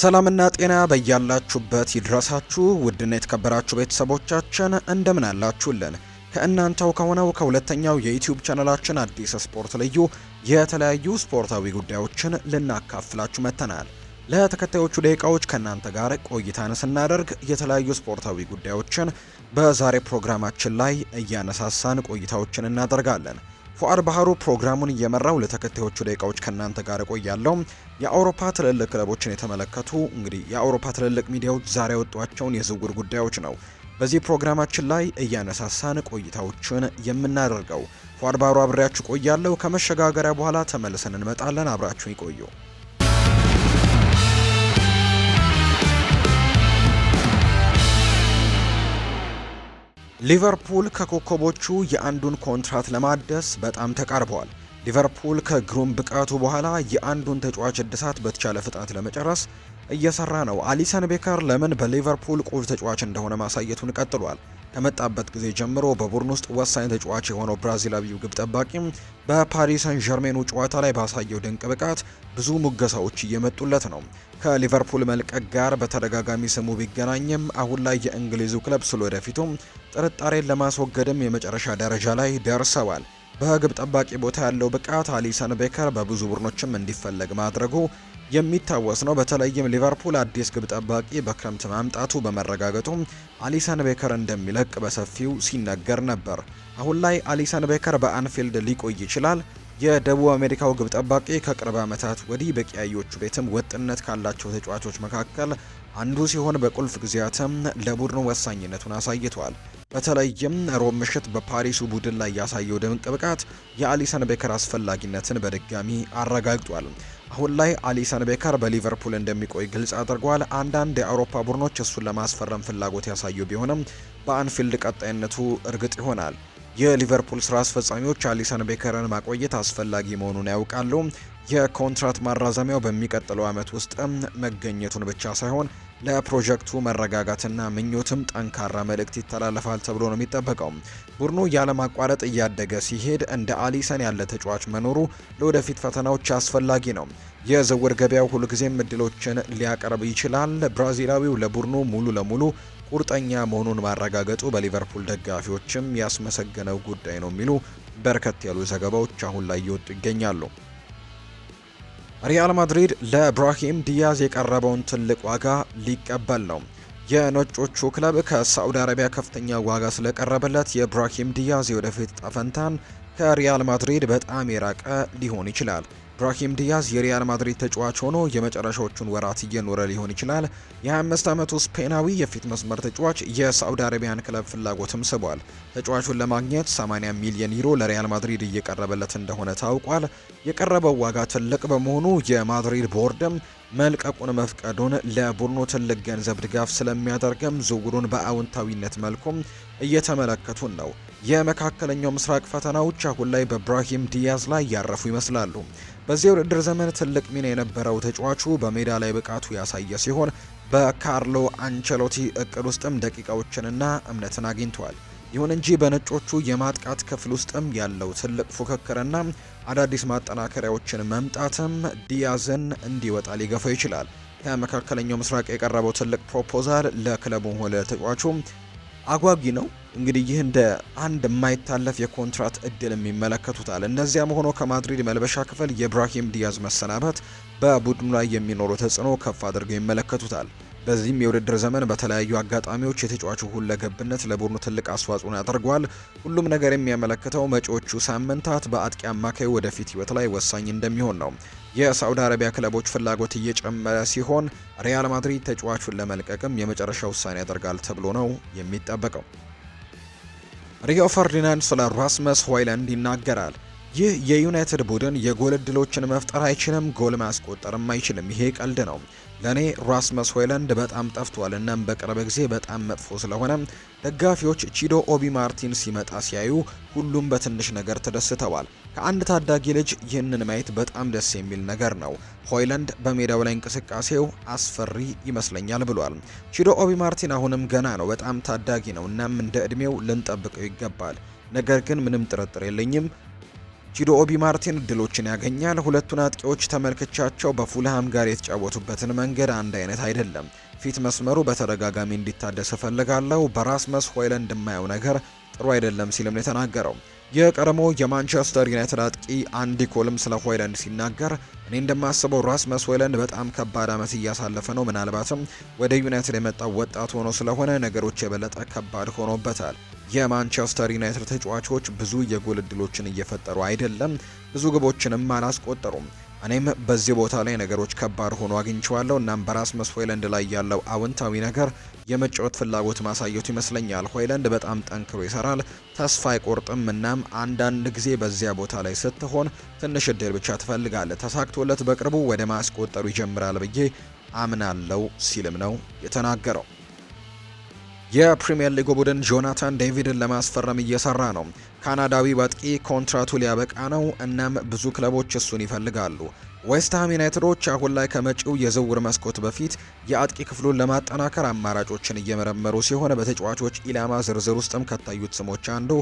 ሰላምና ጤና በያላችሁበት ይድረሳችሁ ውድና የተከበራችሁ ቤተሰቦቻችን እንደምን አላችሁልን? ከእናንተው ከሆነው ከሁለተኛው የዩትዩብ ቻናላችን አዲስ ስፖርት ልዩ የተለያዩ ስፖርታዊ ጉዳዮችን ልናካፍላችሁ መጥተናል። ለተከታዮቹ ደቂቃዎች ከእናንተ ጋር ቆይታን ስናደርግ የተለያዩ ስፖርታዊ ጉዳዮችን በዛሬ ፕሮግራማችን ላይ እያነሳሳን ቆይታዎችን እናደርጋለን። ፉአድ ባህሩ ፕሮግራሙን እየመራው ለተከታዮቹ ደቂቃዎች ከእናንተ ጋር እቆያለሁ። የአውሮፓ ትልልቅ ክለቦችን የተመለከቱ እንግዲህ የአውሮፓ ትልልቅ ሚዲያዎች ዛሬ ያወጧቸውን የዝውውር ጉዳዮች ነው በዚህ ፕሮግራማችን ላይ እያነሳሳን ቆይታዎችን የምናደርገው። ፉአድ ባህሩ አብሬያችሁ ቆያለሁ። ከመሸጋገሪያ በኋላ ተመልሰን እንመጣለን። አብራችሁን ይቆዩ። ሊቨርፑል ከኮከቦቹ የአንዱን ኮንትራት ለማደስ በጣም ተቃርበዋል። ሊቨርፑል ከግሩም ብቃቱ በኋላ የአንዱን ተጫዋች እድሳት በተቻለ ፍጥነት ለመጨረስ እየሰራ ነው። አሊሰን ቤከር ለምን በሊቨርፑል ቁልፍ ተጫዋች እንደሆነ ማሳየቱን ቀጥሏል። ከመጣበት ጊዜ ጀምሮ በቡድን ውስጥ ወሳኝ ተጫዋች የሆነው ብራዚላዊው ግብ ጠባቂም በፓሪስ ሰን ዠርሜኑ ጨዋታ ላይ ባሳየው ድንቅ ብቃት ብዙ ሙገሳዎች እየመጡለት ነው። ከሊቨርፑል መልቀቅ ጋር በተደጋጋሚ ስሙ ቢገናኝም አሁን ላይ የእንግሊዙ ክለብ ስለ ወደፊቱም ጥርጣሬን ለማስወገድም የመጨረሻ ደረጃ ላይ ደርሰዋል። በግብ ጠባቂ ቦታ ያለው ብቃት አሊሰን ቤከር በብዙ ቡድኖችም እንዲፈለግ ማድረጉ የሚታወስ ነው። በተለይም ሊቨርፑል አዲስ ግብ ጠባቂ በክረምት ማምጣቱ በመረጋገጡ አሊሰን ቤከር እንደሚለቅ በሰፊው ሲነገር ነበር። አሁን ላይ አሊሰን ቤከር በአንፊልድ ሊቆይ ይችላል። የደቡብ አሜሪካው ግብ ጠባቂ ከቅርብ ዓመታት ወዲህ በቀያዮቹ ቤትም ወጥነት ካላቸው ተጫዋቾች መካከል አንዱ ሲሆን በቁልፍ ጊዜያትም ለቡድኑ ወሳኝነቱን አሳይቷል። በተለይም ሮብ ምሽት በፓሪሱ ቡድን ላይ ያሳየው ድንቅ ብቃት የአሊሰን ቤከር አስፈላጊነትን በድጋሚ አረጋግጧል። አሁን ላይ አሊሰን ቤከር በሊቨርፑል እንደሚቆይ ግልጽ አድርጓል። አንዳንድ የአውሮፓ ቡድኖች እሱን ለማስፈረም ፍላጎት ያሳዩ ቢሆንም በአንፊልድ ቀጣይነቱ እርግጥ ይሆናል። የሊቨርፑል ስራ አስፈጻሚዎች አሊሰን ቤከርን ማቆየት አስፈላጊ መሆኑን ያውቃሉ። የኮንትራት ማራዘሚያው በሚቀጥለው ዓመት ውስጥ መገኘቱን ብቻ ሳይሆን ለፕሮጀክቱ መረጋጋትና ምኞትም ጠንካራ መልእክት ይተላለፋል ተብሎ ነው የሚጠበቀው። ቡድኑ ያለማቋረጥ እያደገ ሲሄድ እንደ አሊሰን ያለ ተጫዋች መኖሩ ለወደፊት ፈተናዎች አስፈላጊ ነው። የዝውውር ገበያው ሁልጊዜም እድሎችን ሊያቀርብ ይችላል። ብራዚላዊው ለቡድኑ ሙሉ ለሙሉ ቁርጠኛ መሆኑን ማረጋገጡ በሊቨርፑል ደጋፊዎችም ያስመሰገነው ጉዳይ ነው የሚሉ በርከት ያሉ ዘገባዎች አሁን ላይ እየወጡ ይገኛሉ። ሪያል ማድሪድ ለብራሂም ዲያዝ የቀረበውን ትልቅ ዋጋ ሊቀበል ነው። የነጮቹ ክለብ ከሳዑዲ አረቢያ ከፍተኛ ዋጋ ስለቀረበለት የብራሂም ዲያዝ የወደፊት ጣፈንታን ከሪያል ማድሪድ በጣም የራቀ ሊሆን ይችላል። ብራሂም ዲያዝ የሪያል ማድሪድ ተጫዋች ሆኖ የመጨረሻዎቹን ወራት እየኖረ ሊሆን ይችላል። የ25 ዓመቱ ስፔናዊ የፊት መስመር ተጫዋች የሳዑዲ አረቢያን ክለብ ፍላጎትም ስቧል። ተጫዋቹን ለማግኘት 80 ሚሊዮን ዩሮ ለሪያል ማድሪድ እየቀረበለት እንደሆነ ታውቋል። የቀረበው ዋጋ ትልቅ በመሆኑ የማድሪድ ቦርድም መልቀቁን መፍቀዱን ለቡድኑ ትልቅ ገንዘብ ድጋፍ ስለሚያደርግም ዝውውሩን በአዎንታዊነት መልኩም እየተመለከቱን ነው። የመካከለኛው ምስራቅ ፈተናዎች አሁን ላይ በብራሂም ዲያዝ ላይ ያረፉ ይመስላሉ። በዚህ ውድድር ዘመን ትልቅ ሚና የነበረው ተጫዋቹ በሜዳ ላይ ብቃቱ ያሳየ ሲሆን በካርሎ አንቸሎቲ እቅድ ውስጥም ደቂቃዎችንና እምነትን አግኝተዋል። ይሁን እንጂ በነጮቹ የማጥቃት ክፍል ውስጥም ያለው ትልቅ ፉክክርና አዳዲስ ማጠናከሪያዎችን መምጣትም ዲያዝን እንዲወጣ ሊገፋው ይችላል። ከመካከለኛው ምስራቅ የቀረበው ትልቅ ፕሮፖዛል ለክለቡ ሆነ ለተጫዋቹ አጓጊ ነው። እንግዲህ ይህ እንደ አንድ የማይታለፍ የኮንትራት እድልም ይመለከቱታል። እንደዚያም ሆኖ ከማድሪድ መልበሻ ክፍል የብራሂም ዲያዝ መሰናበት በቡድኑ ላይ የሚኖሩ ተጽዕኖ ከፍ አድርገው ይመለከቱታል። በዚህም የውድድር ዘመን በተለያዩ አጋጣሚዎች የተጫዋቹ ሁለገብነት ለቡድኑ ትልቅ አስተዋጽኦን ያደርጓል። ሁሉም ነገር የሚያመለክተው መጪዎቹ ሳምንታት በአጥቂ አማካይ ወደፊት ህይወት ላይ ወሳኝ እንደሚሆን ነው። የሳውዲ አረቢያ ክለቦች ፍላጎት እየጨመረ ሲሆን፣ ሪያል ማድሪድ ተጫዋቹን ለመልቀቅም የመጨረሻ ውሳኔ ያደርጋል ተብሎ ነው የሚጠበቀው። ሪዮ ፈርዲናንድ ስለ ራስመስ ሆይላንድ ይናገራል። ይህ የዩናይትድ ቡድን የጎል እድሎችን መፍጠር አይችልም፣ ጎል ማስቆጠርም አይችልም። ይሄ ቀልድ ነው። ለእኔ ራስመስ ሆይለንድ በጣም ጠፍቷል። እናም በቅርብ ጊዜ በጣም መጥፎ ስለሆነ ደጋፊዎች ቺዶ ኦቢ ማርቲን ሲመጣ ሲያዩ ሁሉም በትንሽ ነገር ተደስተዋል። ከአንድ ታዳጊ ልጅ ይህንን ማየት በጣም ደስ የሚል ነገር ነው። ሆይለንድ በሜዳው ላይ እንቅስቃሴው አስፈሪ ይመስለኛል ብሏል። ቺዶ ኦቢ ማርቲን አሁንም ገና ነው፣ በጣም ታዳጊ ነው። እናም እንደ ዕድሜው ልንጠብቀው ይገባል። ነገር ግን ምንም ጥርጥር የለኝም ቺዶ ኦቢ ማርቲን እድሎችን ያገኛል። ሁለቱን አጥቂዎች ተመልክቻቸው በፉልሃም ጋር የተጫወቱበትን መንገድ አንድ አይነት አይደለም። ፊት መስመሩ በተደጋጋሚ እንዲታደስ እፈልጋለሁ። በራስመስ ሆይለንድ የማየው ነገር ጥሩ አይደለም ሲልም ነው የተናገረው። የቀድሞ የማንቸስተር ዩናይትድ አጥቂ አንዲ ኮልም ስለ ሆይለንድ ሲናገር እኔ እንደማስበው ራስመስ ሆይለንድ በጣም ከባድ ዓመት እያሳለፈ ነው። ምናልባትም ወደ ዩናይትድ የመጣው ወጣት ሆኖ ስለሆነ ነገሮች የበለጠ ከባድ ሆኖበታል። የማንቸስተር ዩናይትድ ተጫዋቾች ብዙ የጎል እድሎችን እየፈጠሩ አይደለም፣ ብዙ ግቦችንም አላስቆጠሩም። እኔም በዚህ ቦታ ላይ ነገሮች ከባድ ሆኖ አግኝቸዋለሁ እናም መስ ሆይለንድ ላይ ያለው አውንታዊ ነገር የመጫወት ፍላጎት ማሳየቱ ይመስለኛል። ሆይለንድ በጣም ጠንክሮ ይሰራል፣ ተስፋ አይቆርጥም። እናም አንዳንድ ጊዜ በዚያ ቦታ ላይ ስትሆን ትንሽ እድል ብቻ ትፈልጋለ። ተሳክቶለት በቅርቡ ወደ ማስቆጠሩ ይጀምራል ብዬ አምናለው ሲልም ነው የተናገረው። የፕሪምየር ሊጉ ቡድን ጆናታን ዴቪድን ለማስፈረም እየሰራ ነው። ካናዳዊ አጥቂ ኮንትራቱ ሊያበቃ ነው፣ እናም ብዙ ክለቦች እሱን ይፈልጋሉ። ዌስትሃም ዩናይትዶች አሁን ላይ ከመጪው የዝውውር መስኮት በፊት የአጥቂ ክፍሉን ለማጠናከር አማራጮችን እየመረመሩ ሲሆን በተጫዋቾች ኢላማ ዝርዝር ውስጥም ከታዩት ስሞች አንዱ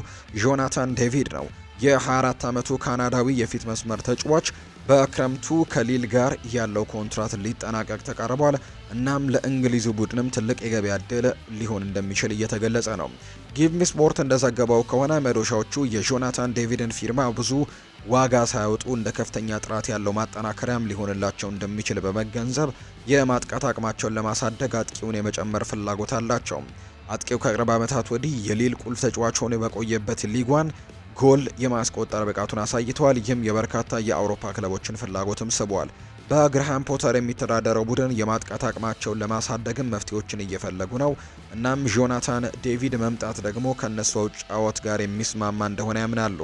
ጆናታን ዴቪድ ነው። የ24 ዓመቱ ካናዳዊ የፊት መስመር ተጫዋች በክረምቱ ከሊል ጋር ያለው ኮንትራት ሊጠናቀቅ ተቃርቧል። እናም ለእንግሊዙ ቡድንም ትልቅ የገበያ እድል ሊሆን እንደሚችል እየተገለጸ ነው። ጊቭሚ ስፖርት እንደዘገበው ከሆነ መዶሻዎቹ የጆናታን ዴቪድን ፊርማ ብዙ ዋጋ ሳያወጡ እንደ ከፍተኛ ጥራት ያለው ማጠናከሪያም ሊሆንላቸው እንደሚችል በመገንዘብ የማጥቃት አቅማቸውን ለማሳደግ አጥቂውን የመጨመር ፍላጎት አላቸው። አጥቂው ከቅርብ ዓመታት ወዲህ የሊል ቁልፍ ተጫዋች ሆኖ በቆየበት ሊጓን ጎል የማስቆጠር ብቃቱን አሳይተዋል። ይህም የበርካታ የአውሮፓ ክለቦችን ፍላጎትም ስቧል። በግርሃም ፖተር የሚተዳደረው ቡድን የማጥቃት አቅማቸውን ለማሳደግም መፍትሄዎችን እየፈለጉ ነው። እናም ጆናታን ዴቪድ መምጣት ደግሞ ከእነሱ ጫወት ጋር የሚስማማ እንደሆነ ያምናሉ።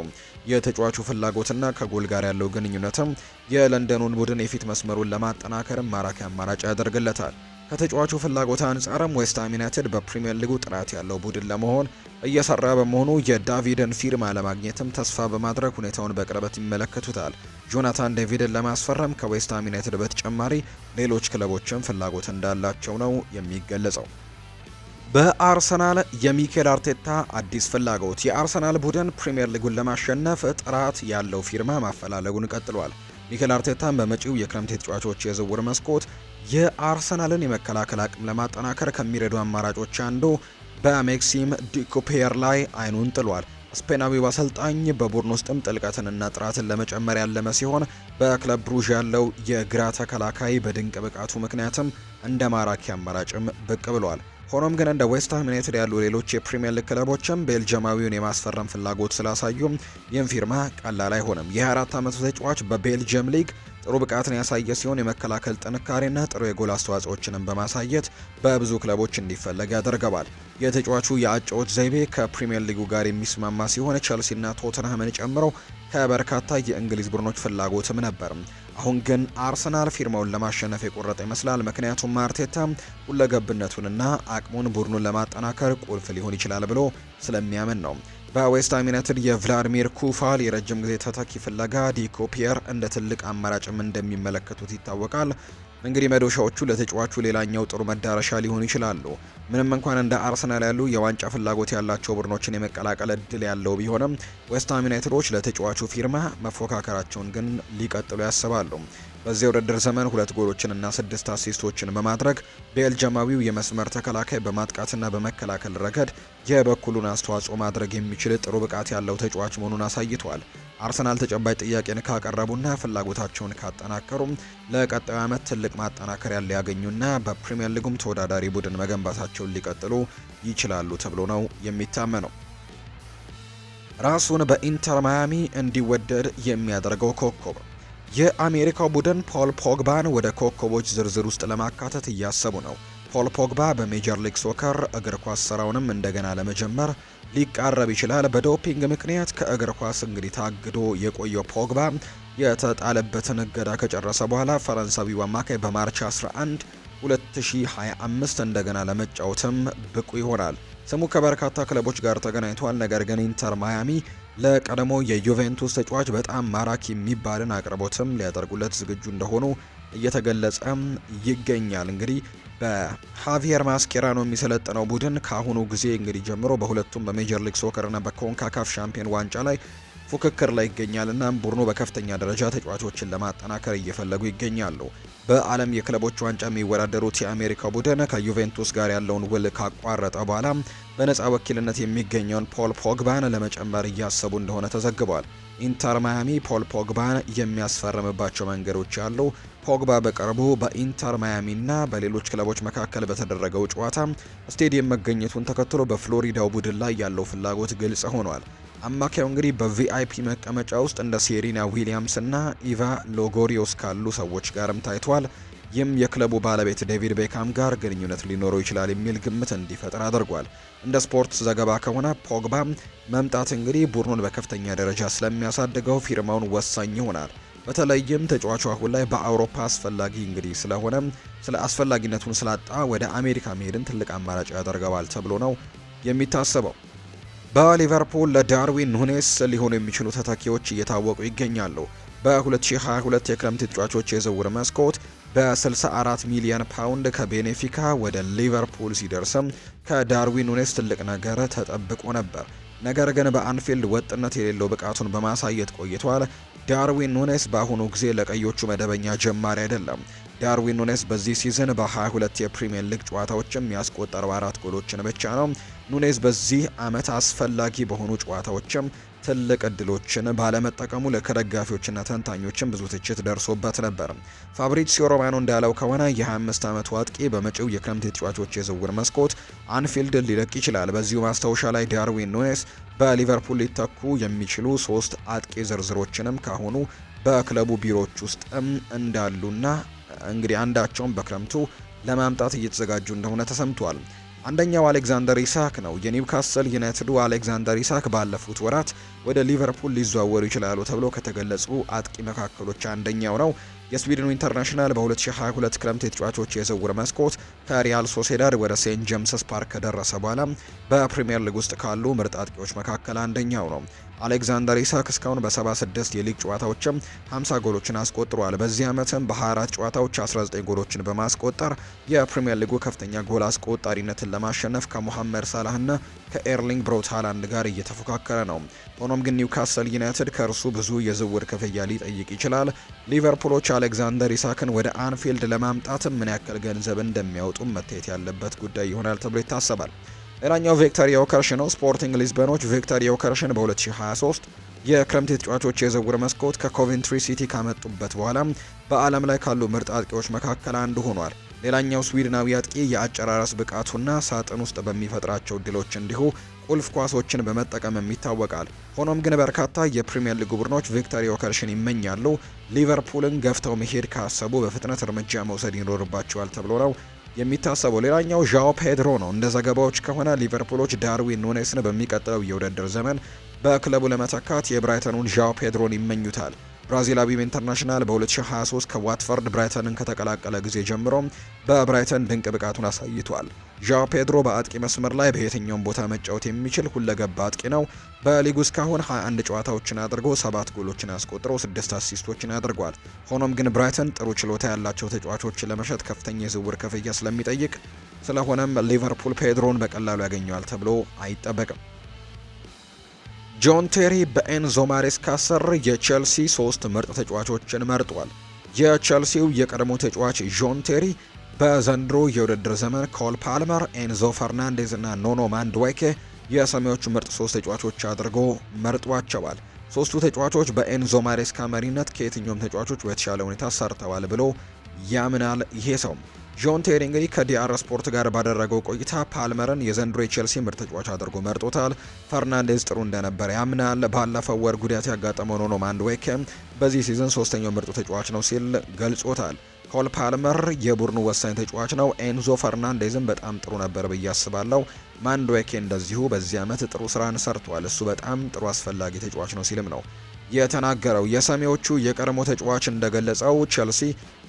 የተጫዋቹ ፍላጎትና ከጎል ጋር ያለው ግንኙነትም የለንደኑን ቡድን የፊት መስመሩን ለማጠናከርም ማራኪ አማራጭ ያደርግለታል። ከተጫዋቹ ፍላጎት አንጻርም ዌስትሃም ዩናይትድ በፕሪምየር ሊጉ ጥራት ያለው ቡድን ለመሆን እየሰራ በመሆኑ የዳቪድን ፊርማ ለማግኘትም ተስፋ በማድረግ ሁኔታውን በቅርበት ይመለከቱታል። ጆናታን ዴቪድን ለማስፈረም ከዌስትሃም ዩናይትድ በተጨማሪ ሌሎች ክለቦችም ፍላጎት እንዳላቸው ነው የሚገለጸው። በአርሰናል የሚኬል አርቴታ አዲስ ፍላጎት። የአርሰናል ቡድን ፕሪምየር ሊጉን ለማሸነፍ ጥራት ያለው ፊርማ ማፈላለጉን ቀጥሏል። ሚኬል አርቴታን በመጪው የክረምት የተጫዋቾች የዝውውር መስኮት የአርሰናልን የመከላከል አቅም ለማጠናከር ከሚረዱ አማራጮች አንዱ በሜክሲም ዲኮፔር ላይ አይኑን ጥሏል። ስፔናዊው አሰልጣኝ በቡድን ውስጥም ጥልቀትንና ጥራትን ለመጨመር ያለመ ሲሆን በክለብ ብሩዥ ያለው የግራ ተከላካይ በድንቅ ብቃቱ ምክንያትም እንደ ማራኪ አማራጭም ብቅ ብሏል። ሆኖም ግን እንደ ዌስትሃም ዩናይትድ ያሉ ሌሎች የፕሪምየር ሊግ ክለቦችም ቤልጅየማዊውን የማስፈረም ፍላጎት ስላሳዩ ይህም ፊርማ ቀላል አይሆንም። የ24 ዓመቱ ተጫዋች በቤልጅየም ሊግ ጥሩ ብቃትን ያሳየ ሲሆን የመከላከል ጥንካሬና ጥሩ የጎል አስተዋጽኦችንም በማሳየት በብዙ ክለቦች እንዲፈለግ ያደርገዋል። የተጫዋቹ የአጫዎች ዘይቤ ከፕሪምየር ሊጉ ጋር የሚስማማ ሲሆን ቸልሲና ቶተንሃምን ጨምሮ ከበርካታ የእንግሊዝ ቡድኖች ፍላጎትም ነበር። አሁን ግን አርሰናል ፊርማውን ለማሸነፍ የቆረጠ ይመስላል። ምክንያቱም አርቴታ ሁለገብነቱንና አቅሙን ቡድኑን ለማጠናከር ቁልፍ ሊሆን ይችላል ብሎ ስለሚያምን ነው። በዌስትሃም ዩናይትድ የቭላድሚር ኩፋል የረጅም ጊዜ ተተኪ ፍለጋ ዲኮ ፒየር እንደ ትልቅ አማራጭም እንደሚመለከቱት ይታወቃል። እንግዲህ መዶሻዎቹ ለተጫዋቹ ሌላኛው ጥሩ መዳረሻ ሊሆኑ ይችላሉ። ምንም እንኳን እንደ አርሰናል ያሉ የዋንጫ ፍላጎት ያላቸው ቡድኖችን የመቀላቀል እድል ያለው ቢሆንም ዌስትሃም ዩናይትዶች ለተጫዋቹ ፊርማ መፎካከራቸውን ግን ሊቀጥሉ ያስባሉ። በዚህ ውድድር ዘመን ሁለት ጎሎችንና ስድስት አሲስቶችን በማድረግ ቤልጅማዊው የመስመር ተከላካይ በማጥቃትና በመከላከል ረገድ የበኩሉን አስተዋጽኦ ማድረግ የሚችል ጥሩ ብቃት ያለው ተጫዋች መሆኑን አሳይቷል። አርሰናል ተጨባጭ ጥያቄን ካቀረቡና ፍላጎታቸውን ካጠናከሩ ለቀጣዩ ዓመት ትልቅ ማጠናከሪያ ሊያገኙና በፕሪምየር ሊጉም ተወዳዳሪ ቡድን መገንባታቸውን ሊቀጥሉ ይችላሉ ተብሎ ነው የሚታመነው። ራሱን በኢንተር ማያሚ እንዲወደድ የሚያደርገው ኮከብ የአሜሪካው ቡድን ፖል ፖግባን ወደ ኮከቦች ዝርዝር ውስጥ ለማካተት እያሰቡ ነው። ፖል ፖግባ በሜጀር ሊግ ሶከር እግር ኳስ ስራውንም እንደገና ለመጀመር ሊቃረብ ይችላል። በዶፒንግ ምክንያት ከእግር ኳስ እንግዲህ ታግዶ የቆየው ፖግባ የተጣለበትን እገዳ ከጨረሰ በኋላ ፈረንሳዊው አማካይ በማርች 11 2025 እንደገና ለመጫወትም ብቁ ይሆናል። ስሙ ከበርካታ ክለቦች ጋር ተገናኝቷል። ነገር ግን ኢንተር ማያሚ ለቀደሞ የዩቬንቱስ ተጫዋች በጣም ማራኪ የሚባልን አቅርቦትም ሊያደርጉለት ዝግጁ እንደሆኑ እየተገለጸ ይገኛል። እንግዲህ በሃቪየር ማስኬራኖ የሚሰለጥነው ቡድን ከአሁኑ ጊዜ እንግዲህ ጀምሮ በሁለቱም በሜጀር ሊግ ሶከርና በኮንካካፍ ሻምፒዮን ዋንጫ ላይ ፉክክር ላይ ይገኛል። እናም ቡድኑ በከፍተኛ ደረጃ ተጫዋቾችን ለማጠናከር እየፈለጉ ይገኛሉ። በዓለም የክለቦች ዋንጫ የሚወዳደሩት የአሜሪካ ቡድን ከዩቬንቱስ ጋር ያለውን ውል ካቋረጠ በኋላ በነፃ ወኪልነት የሚገኘውን ፖል ፖግባን ለመጨመር እያሰቡ እንደሆነ ተዘግቧል። ኢንተር ማያሚ ፖል ፖግባን የሚያስፈርምባቸው መንገዶች አሉ። ፖግባ በቅርቡ በኢንተር ማያሚ እና በሌሎች ክለቦች መካከል በተደረገው ጨዋታ ስቴዲየም መገኘቱን ተከትሎ በፍሎሪዳው ቡድን ላይ ያለው ፍላጎት ግልጽ ሆኗል። አማካዩ እንግዲህ በቪአይፒ መቀመጫ ውስጥ እንደ ሴሪና ዊሊያምስ እና ኢቫ ሎጎሪዮስ ካሉ ሰዎች ጋርም ታይቷል። ይህም የክለቡ ባለቤት ዴቪድ ቤካም ጋር ግንኙነት ሊኖረው ይችላል የሚል ግምት እንዲፈጥር አድርጓል። እንደ ስፖርት ዘገባ ከሆነ ፖግባ መምጣት እንግዲህ ቡድኑን በከፍተኛ ደረጃ ስለሚያሳድገው ፊርማውን ወሳኝ ይሆናል። በተለይም ተጫዋቹ አሁን ላይ በአውሮፓ አስፈላጊ እንግዲህ ስለሆነ ስለ አስፈላጊነቱን ስላጣ ወደ አሜሪካ መሄድን ትልቅ አማራጭ ያደርገዋል ተብሎ ነው የሚታሰበው። በሊቨርፑል ለዳርዊን ኑኔስ ሊሆኑ የሚችሉ ተተኪዎች እየታወቁ ይገኛሉ። በ2022 የክረምት ተጫዋቾች የዝውውር መስኮት በ64 ሚሊዮን ፓውንድ ከቤኔፊካ ወደ ሊቨርፑል ሲደርስም ከዳርዊን ኑኔስ ትልቅ ነገር ተጠብቆ ነበር። ነገር ግን በአንፊልድ ወጥነት የሌለው ብቃቱን በማሳየት ቆይቷል። ዳርዊን ኑኔስ በአሁኑ ጊዜ ለቀዮቹ መደበኛ ጀማሪ አይደለም። ዳርዊን ኑኔስ በዚህ ሲዝን በ22 የፕሪምየር ሊግ ጨዋታዎችም ያስቆጠረው አራት ጎሎችን ብቻ ነው። ኑኔስ በዚህ ዓመት አስፈላጊ በሆኑ ጨዋታዎችም ትልቅ እድሎችን ባለመጠቀሙ ደጋፊዎችና ተንታኞችን ብዙ ትችት ደርሶበት ነበር። ፋብሪዚዮ ሮማኖ እንዳለው ከሆነ የ25 ዓመቱ አጥቂ በመጪው የክረምት የተጫዋቾች የዝውውር መስኮት አንፊልድ ሊለቅ ይችላል። በዚሁ ማስታወሻ ላይ ዳርዊን ኑኔስ በሊቨርፑል ሊተኩ የሚችሉ ሶስት አጥቂ ዝርዝሮችንም ካሁኑ በክለቡ ቢሮዎች ውስጥም እንዳሉና እንግዲህ አንዳቸውም በክረምቱ ለማምጣት እየተዘጋጁ እንደሆነ ተሰምቷል። አንደኛው አሌክዛንደር ኢሳክ ነው። የኒውካስል ዩናይትዱ አሌክዛንደር ኢሳክ ባለፉት ወራት ወደ ሊቨርፑል ሊዘዋወሩ ይችላሉ ተብሎ ከተገለጹ አጥቂ መካከሎች አንደኛው ነው። የስዊድኑ ኢንተርናሽናል በ2022 ክረምት የተጫዋቾች የዝውውር መስኮት ከሪያል ሶሴዳድ ወደ ሴንት ጄምስስ ፓርክ ከደረሰ በኋላ በፕሪምየር ሊግ ውስጥ ካሉ ምርጥ አጥቂዎች መካከል አንደኛው ነው። አሌክዛንደር ኢሳክ እስካሁን በ76 የሊግ ጨዋታዎችም 50 ጎሎችን አስቆጥሯል። በዚህ ዓመትም በ24 ጨዋታዎች 19 ጎሎችን በማስቆጠር የፕሪምየር ሊጉ ከፍተኛ ጎል አስቆጣሪነትን ለማሸነፍ ከሞሐመድ ሳላህና ከኤርሊንግ ብሮት ሃላንድ ጋር እየተፎካከረ ነው። ሆኖም ግን ኒውካስል ዩናይትድ ከእርሱ ብዙ የዝውውር ክፍያ ሊጠይቅ ይችላል። ሊቨርፑሎች አሌክዛንደር ኢሳክን ወደ አንፊልድ ለማምጣትም ምን ያክል ገንዘብ እንደሚያወጡ መታየት ያለበት ጉዳይ ይሆናል ተብሎ ይታሰባል። ሌላኛው ቪክተር ዮከርሽ ነው። ስፖርቲንግ ሊዝበኖች ቪክተር ዮከርሽን በ2023 የክረምት ተጫዋቾች የዝውውር መስኮት ከኮቬንትሪ ሲቲ ካመጡበት በኋላ በዓለም ላይ ካሉ ምርጥ አጥቂዎች መካከል አንዱ ሆኗል። ሌላኛው ስዊድናዊ አጥቂ የአጨራረስ ብቃቱና ሳጥን ውስጥ በሚፈጥራቸው ድሎች እንዲሁ ቁልፍ ኳሶችን በመጠቀም ይታወቃል። ሆኖም ግን በርካታ የፕሪምየር ሊግ ቡድኖች ቪክተር ዮከርሽን ይመኛሉ። ሊቨርፑልን ገፍተው መሄድ ካሰቡ በፍጥነት እርምጃ መውሰድ ይኖርባቸዋል ተብሎ ነው የሚታሰበው ሌላኛው ዣኦ ፔድሮ ነው። እንደ ዘገባዎች ከሆነ ሊቨርፑሎች ዳርዊን ኑኔስን በሚቀጥለው የውድድር ዘመን በክለቡ ለመተካት የብራይተኑን ዣኦ ፔድሮን ይመኙታል። ብራዚላዊው ኢንተርናሽናል በ2023 ከዋትፈርድ ብራይተንን ከተቀላቀለ ጊዜ ጀምሮ በብራይተን ድንቅ ብቃቱን አሳይቷል። ዣ ፔድሮ በአጥቂ መስመር ላይ በየትኛውም ቦታ መጫወት የሚችል ሁለገባ አጥቂ ነው። በሊጉ እስካሁን 21 ጨዋታዎችን አድርጎ ሰባት ጎሎችን አስቆጥሮ 6 አሲስቶችን አድርጓል። ሆኖም ግን ብራይተን ጥሩ ችሎታ ያላቸው ተጫዋቾችን ለመሸጥ ከፍተኛ የዝውውር ክፍያ ስለሚጠይቅ ስለሆነም ሊቨርፑል ፔድሮን በቀላሉ ያገኘዋል ተብሎ አይጠበቅም። ጆን ቴሪ በኤንዞ ማሬስካ ስር የቼልሲ ሶስት ምርጥ ተጫዋቾችን መርጧል። የቼልሲው የቀድሞ ተጫዋች ጆን ቴሪ በዘንድሮ የውድድር ዘመን ኮል ፓልመር፣ ኤንዞ ፈርናንዴዝ እና ኖኖ ማንድዋይኬ የሰሜዎቹ ምርጥ ሶስት ተጫዋቾች አድርጎ መርጧቸዋል። ሶስቱ ተጫዋቾች በኤንዞ ማሬስካ መሪነት ከየትኛውም ተጫዋቾች በተሻለ ሁኔታ ሰርተዋል ብሎ ያምናል ይሄ ሰው። ጆን ቴሪ እንግዲህ ከዲአር ስፖርት ጋር ባደረገው ቆይታ ፓልመርን የዘንድሮ የቼልሲ ምርጥ ተጫዋች አድርጎ መርጦታል። ፈርናንዴዝ ጥሩ እንደነበረ ያምናል። ባለፈው ወር ጉዳት ያጋጠመው ኖኖ ማንድዌኬም በዚህ ሲዝን ሶስተኛው ምርጡ ተጫዋች ነው ሲል ገልጾታል። ኮል ፓልመር የቡድኑ ወሳኝ ተጫዋች ነው። ኤንዞ ፈርናንዴዝም በጣም ጥሩ ነበር ብዬ አስባለሁ። ማንድዌኬ እንደዚሁ በዚህ ዓመት ጥሩ ስራን ሰርቷል። እሱ በጣም ጥሩ አስፈላጊ ተጫዋች ነው ሲልም ነው የተናገረው። የሰሜዎቹ የቀድሞ ተጫዋች እንደገለጸው ቸልሲ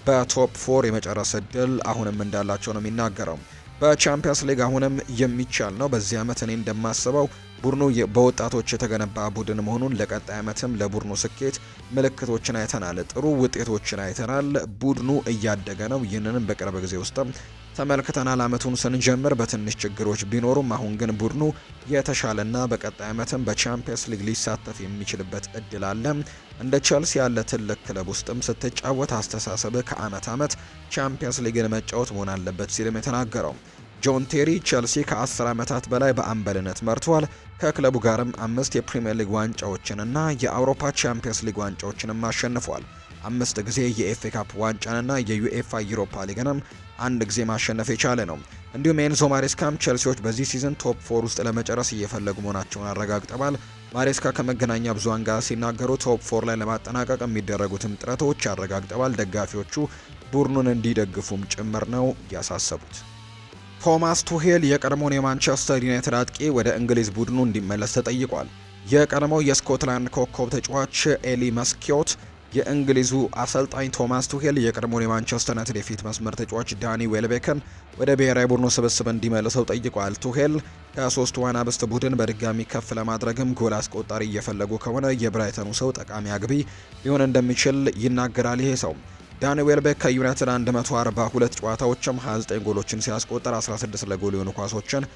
በቶፕ ፎር የመጨረስ እድል አሁንም እንዳላቸው ነው የሚናገረው። በቻምፒየንስ ሊግ አሁንም የሚቻል ነው። በዚህ ዓመት እኔ እንደማስበው ቡድኑ በወጣቶች የተገነባ ቡድን መሆኑን ለቀጣይ ዓመትም ለቡድኑ ስኬት ምልክቶችን አይተናል፣ ጥሩ ውጤቶችን አይተናል። ቡድኑ እያደገ ነው። ይህንንም በቅርብ ጊዜ ውስጥም ተመልክተናል። ዓመቱን ስንጀምር በትንሽ ችግሮች ቢኖሩም አሁን ግን ቡድኑ የተሻለና በቀጣይ አመትም በቻምፒየንስ ሊግ ሊሳተፍ የሚችልበት እድል አለ። እንደ ቸልሲ ያለ ትልቅ ክለብ ውስጥም ስትጫወት አስተሳሰብ ከአመት አመት ቻምፒየንስ ሊግን መጫወት መሆን አለበት ሲልም የተናገረው ጆን ቴሪ ቸልሲ ከ10 ዓመታት በላይ በአምበልነት መርቷል። ከክለቡ ጋርም አምስት የፕሪምየር ሊግ ዋንጫዎችንና የአውሮፓ ቻምፒየንስ ሊግ ዋንጫዎችንም አሸንፏል። አምስት ጊዜ የኤፍኤ ካፕ ዋንጫንና የዩኤፋ ዩሮፓ ሊግንም አንድ ጊዜ ማሸነፍ የቻለ ነው። እንዲሁም ኤንዞ ማሬስካም ቸልሲዎች በዚህ ሲዝን ቶፕ ፎር ውስጥ ለመጨረስ እየፈለጉ መሆናቸውን አረጋግጠዋል። ማሬስካ ከመገናኛ ብዙሃን ጋር ሲናገሩ ቶፕ ፎር ላይ ለማጠናቀቅ የሚደረጉትም ጥረቶች አረጋግጠዋል። ደጋፊዎቹ ቡድኑን እንዲደግፉም ጭምር ነው ያሳሰቡት። ቶማስ ቱሄል የቀድሞውን የማንቸስተር ዩናይትድ አጥቂ ወደ እንግሊዝ ቡድኑ እንዲመለስ ተጠይቋል። የቀድሞው የስኮትላንድ ኮከብ ተጫዋች ኤሊ መስኪዮት የእንግሊዙ አሰልጣኝ ቶማስ ቱሄል የቀድሞውን የማንቸስተር ዩናይትድ የፊት መስመር ተጫዋች ዳኒ ዌልቤክን ወደ ብሔራዊ ቡድኑ ስብስብ እንዲመልሰው ጠይቋል። ቱሄል ከሶስቱ ዋና ብስት ቡድን በድጋሚ ከፍ ለማድረግም ጎል አስቆጣሪ እየፈለጉ ከሆነ የብራይተኑ ሰው ጠቃሚ አግቢ ሊሆን እንደሚችል ይናገራል። ይሄ ሰው ዳኒ ዌልቤክ ከዩናይትድ 142 ጨዋታዎችም 29 ጎሎችን ሲያስቆጠር 16 ለጎል የሆኑ ኳሶችን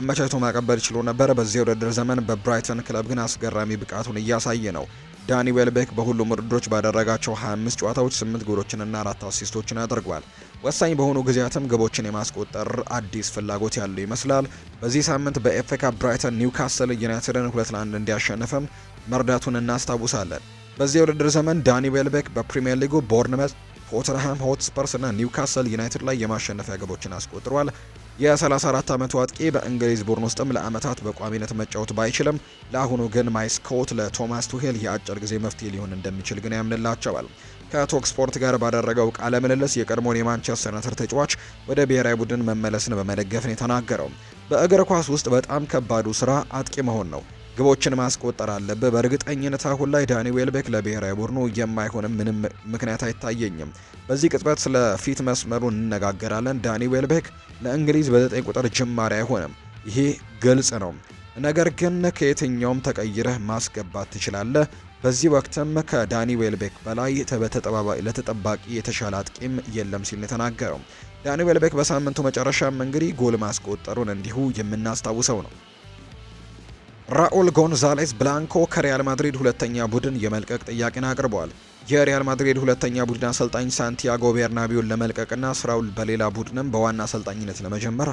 አመቻችቶ ማቀበል ችሎ ነበር። በዚህ ውድድር ዘመን በብራይተን ክለብ ግን አስገራሚ ብቃቱን እያሳየ ነው። ዳኒ ዌልቤክ በሁሉም ውድድሮች ባደረጋቸው 25 ጨዋታዎች 8 ጎሎችንና 4 አሲስቶችን አድርጓል። ወሳኝ በሆኑ ጊዜያትም ግቦችን የማስቆጠር አዲስ ፍላጎት ያለው ይመስላል። በዚህ ሳምንት በኤፍካ ብራይተን ኒውካስል ዩናይትድን 2 ለ1 እንዲያሸንፍም መርዳቱን እናስታውሳለን። በዚህ የውድድር ዘመን ዳኒ ዌልቤክ በፕሪምየር ሊጉ ቦርንመት፣ ቶተንሃም ሆትስፐርስ እና ኒውካስል ዩናይትድ ላይ የማሸነፊያ ግቦችን አስቆጥሯል። የ34 ዓመቱ አጥቂ በእንግሊዝ ቡድን ውስጥም ለዓመታት በቋሚነት መጫወት ባይችልም ለአሁኑ ግን ማይስኮት ለቶማስ ቱሄል የአጭር ጊዜ መፍትሄ ሊሆን እንደሚችል ግን ያምንላቸዋል። ከቶክ ስፖርት ጋር ባደረገው ቃለ ምልልስ የቀድሞውን የማንቸስተር ዩናይትድ ተጫዋች ወደ ብሔራዊ ቡድን መመለስን በመደገፍ ነው የተናገረው። በእግር ኳስ ውስጥ በጣም ከባዱ ስራ አጥቂ መሆን ነው። ግቦችን ማስቆጠር አለብህ። በእርግጠኝነት አሁን ላይ ዳኒ ዌልቤክ ለብሔራዊ ቡድኑ የማይሆንም ምንም ምክንያት አይታየኝም። በዚህ ቅጽበት ስለ ፊት መስመሩ እንነጋገራለን። ዳኒ ዌልቤክ ለእንግሊዝ በዘጠኝ ቁጥር ጅማሬ አይሆንም። ይሄ ግልጽ ነው። ነገር ግን ከየትኛውም ተቀይረህ ማስገባት ትችላለህ። በዚህ ወቅትም ከዳኒ ዌልቤክ በላይ ለተጠባቂ የተሻለ አጥቂም የለም ሲል የተናገረው ዳኒ ዌልቤክ በሳምንቱ መጨረሻም እንግዲህ ጎል ማስቆጠሩን እንዲሁ የምናስታውሰው ነው። ራኡል ጎንዛሌስ ብላንኮ ከሪያል ማድሪድ ሁለተኛ ቡድን የመልቀቅ ጥያቄን አቅርበዋል። የሪያል ማድሪድ ሁለተኛ ቡድን አሰልጣኝ ሳንቲያጎ ቤርናቢውን ለመልቀቅና ስራውን በሌላ ቡድንም በዋና አሰልጣኝነት ለመጀመር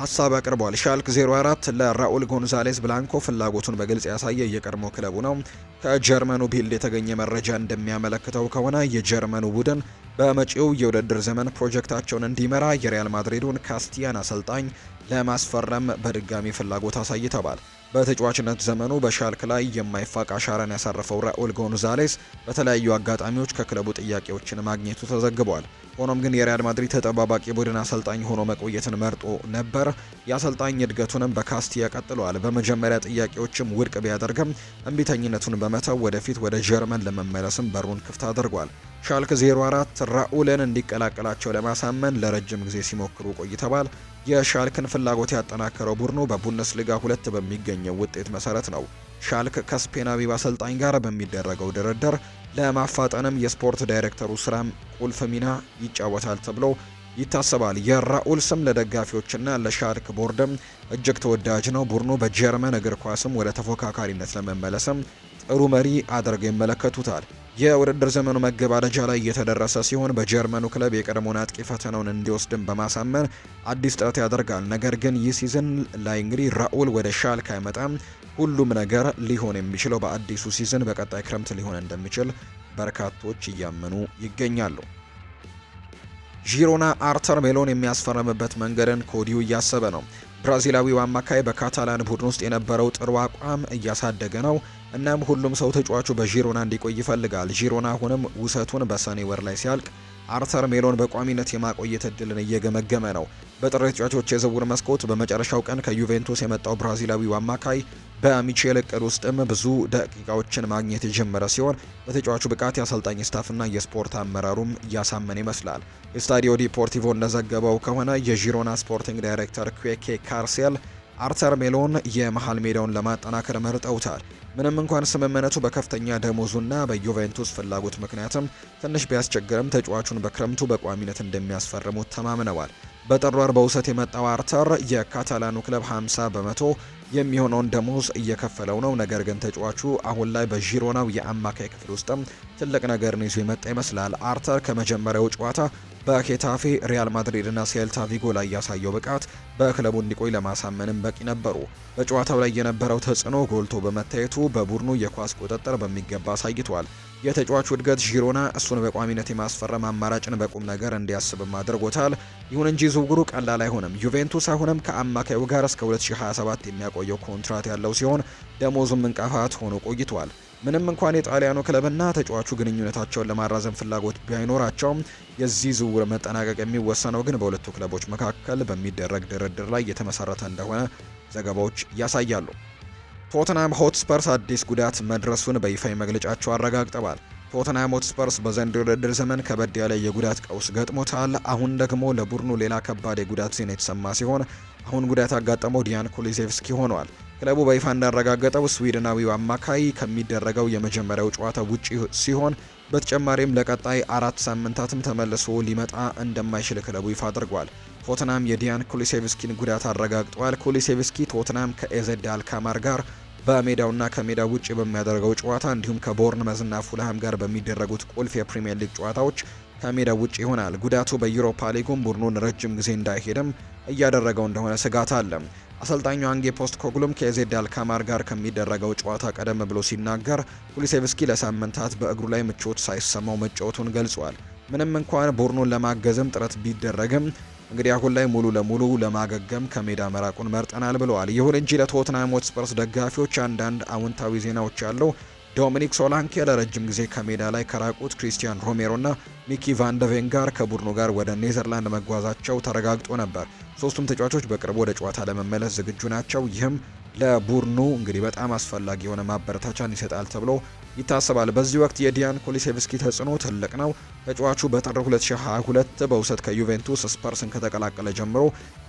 ሀሳብ አቅርበዋል። ሻልክ 04 ለራኡል ጎንዛሌስ ብላንኮ ፍላጎቱን በግልጽ ያሳየ የቀድሞ ክለቡ ነው። ከጀርመኑ ቢልድ የተገኘ መረጃ እንደሚያመለክተው ከሆነ የጀርመኑ ቡድን በመጪው የውድድር ዘመን ፕሮጀክታቸውን እንዲመራ የሪያል ማድሪዱን ካስቲያን አሰልጣኝ ለማስፈረም በድጋሚ ፍላጎት አሳይተዋል። በተጫዋችነት ዘመኑ በሻልክ ላይ የማይፋቅ አሻራን ያሳረፈው ራኦል ጎንዛሌስ በተለያዩ አጋጣሚዎች ከክለቡ ጥያቄዎችን ማግኘቱ ተዘግቧል። ሆኖም ግን የሪያል ማድሪድ ተጠባባቂ ቡድን አሰልጣኝ ሆኖ መቆየትን መርጦ ነበር። የአሰልጣኝ እድገቱንም በካስቲያ ቀጥሏል። በመጀመሪያ ጥያቄዎችም ውድቅ ቢያደርግም እምቢተኝነቱን በመተው ወደፊት ወደ ጀርመን ለመመለስም በሩን ክፍት አድርጓል። ሻልክ 04 ራኡልን እንዲቀላቀላቸው ለማሳመን ለረጅም ጊዜ ሲሞክሩ ቆይተዋል። የሻልክን ፍላጎት ያጠናከረው ቡድኑ በቡንደስሊጋ ሁለት በሚገኘው ውጤት መሰረት ነው። ሻልክ ከስፔናዊ አሰልጣኝ ጋር በሚደረገው ድርድር ለማፋጠንም የስፖርት ዳይሬክተሩ ስራም ቁልፍ ሚና ይጫወታል ተብሎ ይታሰባል። የራኡል ስም ለደጋፊዎችና ለሻልክ ቦርድም እጅግ ተወዳጅ ነው። ቡድኑ በጀርመን እግር ኳስም ወደ ተፎካካሪነት ለመመለስም ጥሩ መሪ አድርገው ይመለከቱታል። የውድድር ዘመኑ መገባደጃ ላይ እየተደረሰ ሲሆን በጀርመኑ ክለብ የቀድሞውን አጥቂ ፈተናውን እንዲወስድን በማሳመን አዲስ ጥረት ያደርጋል። ነገር ግን ይህ ሲዝን ላይ እንግዲህ ራኡል ወደ ሻልክ አይመጣም። ሁሉም ነገር ሊሆን የሚችለው በአዲሱ ሲዝን በቀጣይ ክረምት ሊሆን እንደሚችል በርካቶች እያመኑ ይገኛሉ። ዢሮና አርተር ሜሎን የሚያስፈርምበት መንገድን ኮዲው እያሰበ ነው። ብራዚላዊው አማካይ በካታላን ቡድን ውስጥ የነበረው ጥሩ አቋም እያሳደገ ነው። እናም ሁሉም ሰው ተጫዋቹ በዢሮና እንዲቆይ ይፈልጋል። ዢሮና አሁንም ውሰቱን በሰኔ ወር ላይ ሲያልቅ አርተር ሜሎን በቋሚነት የማቆየት እድልን እየገመገመ ነው። በጥር ተጫዋቾች የዝውውር መስኮት በመጨረሻው ቀን ከዩቬንቱስ የመጣው ብራዚላዊው አማካይ በሚቼል እቅድ ውስጥም ብዙ ደቂቃዎችን ማግኘት የጀመረ ሲሆን በተጫዋቹ ብቃት የአሰልጣኝ ስታፍና የስፖርት አመራሩም እያሳመን ይመስላል። የስታዲዮ ዲፖርቲቮ እንደዘገበው ከሆነ የዢሮና ስፖርቲንግ ዳይሬክተር ኩዌኬ ካርሴል አርተር ሜሎን የመሃል ሜዳውን ለማጠናከር መርጠውታል። ምንም እንኳን ስምምነቱ በከፍተኛ ደሞዙና በዩቬንቱስ ፍላጎት ምክንያትም ትንሽ ቢያስቸግርም ተጫዋቹን በክረምቱ በቋሚነት እንደሚያስፈርሙት ተማምነዋል። በጥር ወር በውሰት የመጣው አርተር የካታላኑ ክለብ 50 በመቶ የሚሆነውን ደሞዝ እየከፈለው ነው። ነገር ግን ተጫዋቹ አሁን ላይ በዢሮናው የአማካይ ክፍል ውስጥም ትልቅ ነገርን ይዞ የመጣ ይመስላል። አርተር ከመጀመሪያው ጨዋታ በኬታፌ ሪያል ማድሪድና ሴልታ ቪጎ ላይ ያሳየው ብቃት በክለቡ እንዲቆይ ለማሳመንም በቂ ነበሩ። በጨዋታው ላይ የነበረው ተጽዕኖ ጎልቶ በመታየቱ በቡድኑ የኳስ ቁጥጥር በሚገባ አሳይቷል። የተጫዋቹ እድገት ዢሮና እሱን በቋሚነት የማስፈረም አማራጭን በቁም ነገር እንዲያስብም አድርጎታል። ይሁን እንጂ ዝውውሩ ቀላል አይሆንም። ዩቬንቱስ አሁንም ከአማካዩ ጋር እስከ 2027 የሚያቆየው ኮንትራት ያለው ሲሆን ደሞዙም እንቅፋት ሆኖ ቆይቷል። ምንም እንኳን የጣሊያኑ ክለብና ተጫዋቹ ግንኙነታቸውን ለማራዘም ፍላጎት ቢያይኖራቸውም የዚህ ዝውውር መጠናቀቅ የሚወሰነው ግን በሁለቱ ክለቦች መካከል በሚደረግ ድርድር ላይ የተመሰረተ እንደሆነ ዘገባዎች ያሳያሉ። ቶተናም ሆትስፐርስ አዲስ ጉዳት መድረሱን በይፋ መግለጫቸው አረጋግጠዋል። ቶተናም ሆትስፐርስ በዘንድሮው ውድድር ዘመን ከበድ ያለ የጉዳት ቀውስ ገጥሞታል። አሁን ደግሞ ለቡድኑ ሌላ ከባድ የጉዳት ዜና የተሰማ ሲሆን አሁን ጉዳት ያጋጠመው ዲያን ኩሊዜቭስኪ ሆኗል። ክለቡ በይፋ እንዳረጋገጠው ስዊድናዊው አማካይ ከሚደረገው የመጀመሪያው ጨዋታ ውጪ ሲሆን በተጨማሪም ለቀጣይ አራት ሳምንታትም ተመልሶ ሊመጣ እንደማይችል ክለቡ ይፋ አድርጓል። ቶትናም የዲያን ኩሊሴቭስኪን ጉዳት አረጋግጧል። ኩሊሴቭስኪ ቶትናም ከኤዘድ አልካማር ጋር በሜዳውና ከሜዳው ውጭ በሚያደርገው ጨዋታ እንዲሁም መዝና ፉልሃም ጋር በሚደረጉት ቁልፍ የፕሪምየር ሊግ ጨዋታዎች ከሜዳው ውጭ ይሆናል። ጉዳቱ በዩሮፓ ሊጉም ቡድኑን ረጅም ጊዜ እንዳይሄድም እያደረገው እንደሆነ ስጋት አለ። አሰልጣኙ አንጌ ፖስት ኮግሉም ከኤዜድ አልካማር ጋር ከሚደረገው ጨዋታ ቀደም ብሎ ሲናገር ኩሊሴቭስኪ ለሳምንታት በእግሩ ላይ ምቾት ሳይሰማው መጫወቱን ገልጿል። ምንም እንኳን ቡድኑን ለማገዝም ጥረት ቢደረግም እንግዲህ አሁን ላይ ሙሉ ለሙሉ ለማገገም ከሜዳ መራቁን መርጠናል ብለዋል። ይሁን እንጂ ለቶትናም ሆትስፐርስ ደጋፊዎች አንዳንድ አዎንታዊ ዜናዎች አለው። ዶሚኒክ ሶላንኬ ለረጅም ጊዜ ከሜዳ ላይ ከራቁት ክሪስቲያን ሮሜሮና ሚኪ ቫንደቬን ጋር ከቡድኑ ጋር ወደ ኔዘርላንድ መጓዛቸው ተረጋግጦ ነበር። ሶስቱም ተጫዋቾች በቅርቡ ወደ ጨዋታ ለመመለስ ዝግጁ ናቸው። ይህም ለቡድኑ እንግዲህ በጣም አስፈላጊ የሆነ ማበረታቻን ይሰጣል ተብሎ ይታሰባል። በዚህ ወቅት የዲያን ኮሊሴቭስኪ ተጽዕኖ ትልቅ ነው። ተጫዋቹ በጥር 2022 በውሰት ከዩቬንቱስ ስፐርስን ከተቀላቀለ ጀምሮ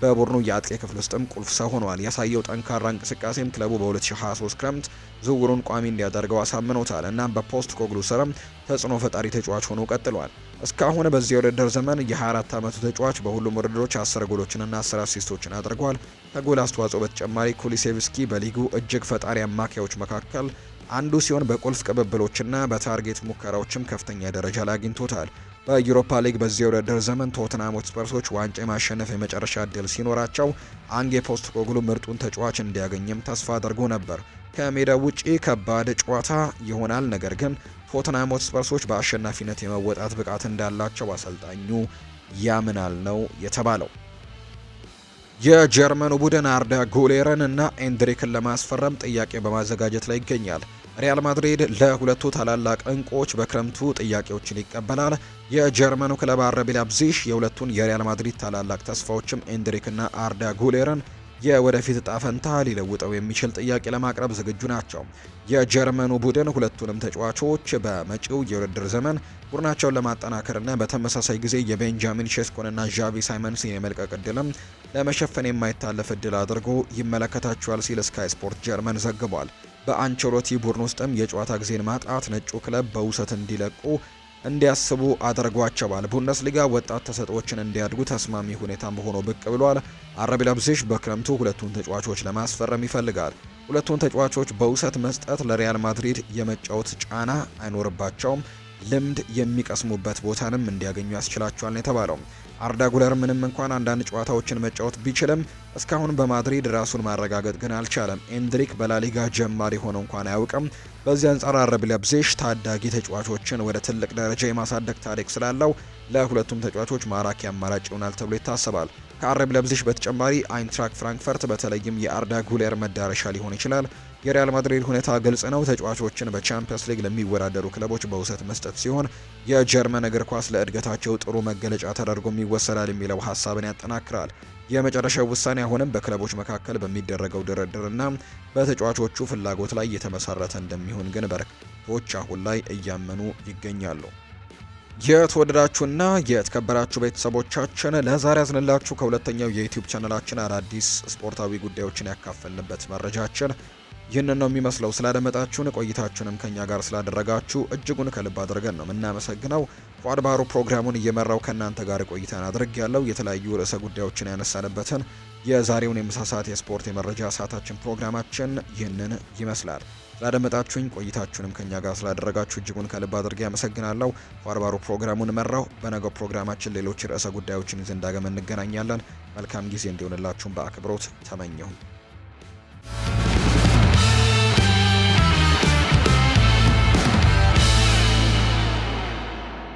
በቡድኑ የአጥቂ ክፍል ውስጥም ቁልፍ ሰው ሆኗል። ያሳየው ጠንካራ እንቅስቃሴም ክለቡ በ2023 ክረምት ዝውውሩን ቋሚ እንዲያደርገው አሳምኖታል እና በፖስት ኮግሉ ስርም ተጽዕኖ ፈጣሪ ተጫዋች ሆኖ ቀጥሏል። እስካሁን በዚህ የውድድር ዘመን የ24 ዓመቱ ተጫዋች በሁሉም ውድድሮች 10 ጎሎችንና 10 አሲስቶችን አድርጓል። ከጎል አስተዋጽኦ በተጨማሪ ኩሊሴቭስኪ በሊጉ እጅግ ፈጣሪ አማካዮች መካከል አንዱ ሲሆን በቁልፍ ቅብብሎችና በታርጌት ሙከራዎችም ከፍተኛ ደረጃ ላይ አግኝቶታል። በዩሮፓ ሊግ በዚህ የውድድር ዘመን ቶትናም ሆትስፐርሶች ዋንጫ የማሸነፍ የመጨረሻ እድል ሲኖራቸው አንጌ ፖስት ኮግሉ ምርጡን ተጫዋች እንዲያገኝም ተስፋ አድርጎ ነበር። ከሜዳ ውጪ ከባድ ጨዋታ ይሆናል፣ ነገር ግን ቶትናም ሆትስፐርሶች በአሸናፊነት የመወጣት ብቃት እንዳላቸው አሰልጣኙ ያምናል ነው የተባለው። የጀርመኑ ቡድን አርዳ ጉሌርን እና ኤንድሪክን ለማስፈረም ጥያቄ በማዘጋጀት ላይ ይገኛል። ሪያል ማድሪድ ለሁለቱ ታላላቅ እንቁዎች በክረምቱ ጥያቄዎችን ይቀበላል። የጀርመኑ ክለብ አረቢላብዚሽ የሁለቱን የሪያል ማድሪድ ታላላቅ ተስፋዎችም ኤንድሪክና አርዳ ጉሌረን የወደፊት እጣ ፈንታ ሊለውጠው የሚችል ጥያቄ ለማቅረብ ዝግጁ ናቸው። የጀርመኑ ቡድን ሁለቱንም ተጫዋቾች በመጪው የውድድር ዘመን ቡድናቸውን ለማጠናከርና በተመሳሳይ ጊዜ የቤንጃሚን ሼስኮንና ዣቪ ሳይመንስን የመልቀቅ እድልም ለመሸፈን የማይታለፍ እድል አድርጎ ይመለከታቸዋል ሲል ስካይ ስፖርት ጀርመን ዘግቧል። በአንቸሎቲ ቡድን ውስጥም የጨዋታ ጊዜን ማጣት ነጩ ክለብ በውሰት እንዲለቁ እንዲያስቡ አድርጓቸዋል። ቡንደስሊጋ ወጣት ተሰጥኦዎችን እንዲያድጉ ተስማሚ ሁኔታም ሆኖ ብቅ ብሏል። አረብ ለብዜሽ በክረምቱ ሁለቱን ተጫዋቾች ለማስፈረም ይፈልጋል። ሁለቱን ተጫዋቾች በውሰት መስጠት ለሪያል ማድሪድ የመጫወት ጫና አይኖርባቸውም። ልምድ የሚቀስሙበት ቦታንም እንዲያገኙ ያስችላቸዋል ነው የተባለው። አርዳ ጉለር ምንም እንኳን አንዳንድ ጨዋታዎችን መጫወት ቢችልም እስካሁን በማድሪድ ራሱን ማረጋገጥ ግን አልቻለም። ኤንድሪክ በላሊጋ ጀማሪ ሆኖ እንኳን አያውቅም። በዚህ አንጻር አረብ ለብዜሽ ታዳጊ ተጫዋቾችን ወደ ትልቅ ደረጃ የማሳደግ ታሪክ ስላለው ለሁለቱም ተጫዋቾች ማራኪ አማራጭ ይሆናል ተብሎ ይታሰባል። ከአረብ ለብዜሽ በተጨማሪ አይንትራክ ፍራንክፈርት በተለይም የአርዳ ጉሌር መዳረሻ ሊሆን ይችላል። የሪያል ማድሪድ ሁኔታ ግልጽ ነው። ተጫዋቾችን በቻምፒየንስ ሊግ ለሚወዳደሩ ክለቦች በውሰት መስጠት ሲሆን የጀርመን እግር ኳስ ለእድገታቸው ጥሩ መገለጫ ተደርጎ ይወሰዳል የሚለው ሀሳብን ያጠናክራል። የመጨረሻው ውሳኔ አሁንም በክለቦች መካከል በሚደረገው ድርድርና በተጫዋቾቹ ፍላጎት ላይ የተመሰረተ እንደሚሆን ግን በርካቶች አሁን ላይ እያመኑ ይገኛሉ። የተወደዳችሁና የተከበራችሁ ቤተሰቦቻችን ለዛሬ ያዝንላችሁ ከሁለተኛው የዩቲዩብ ቻነላችን አዳዲስ ስፖርታዊ ጉዳዮችን ያካፈልንበት መረጃችን ይህንን ነው የሚመስለው። ስላደመጣችሁን ቆይታችሁንም ከኛ ጋር ስላደረጋችሁ እጅጉን ከልብ አድርገን ነው የምናመሰግነው። ፏድ ፕሮግራሙን እየመራው ከእናንተ ጋር ቆይታን አድርግ ያለው የተለያዩ ርዕሰ ጉዳዮችን ያነሳንበትን የዛሬውን የምሳ ሰዓት የስፖርት የመረጃ ሰዓታችን ፕሮግራማችን ይህንን ይመስላል። ስላደመጣችሁኝ ቆይታችሁንም ከኛ ጋር ስላደረጋችሁ እጅጉን ከልብ አድርጌ ያመሰግናለሁ። ፏርባሩ ፕሮግራሙን መራው። በነገው ፕሮግራማችን ሌሎች ርዕሰ ጉዳዮችን ይዘን ዳግም እንገናኛለን። መልካም ጊዜ እንዲሆንላችሁም በአክብሮት ተመኘሁ።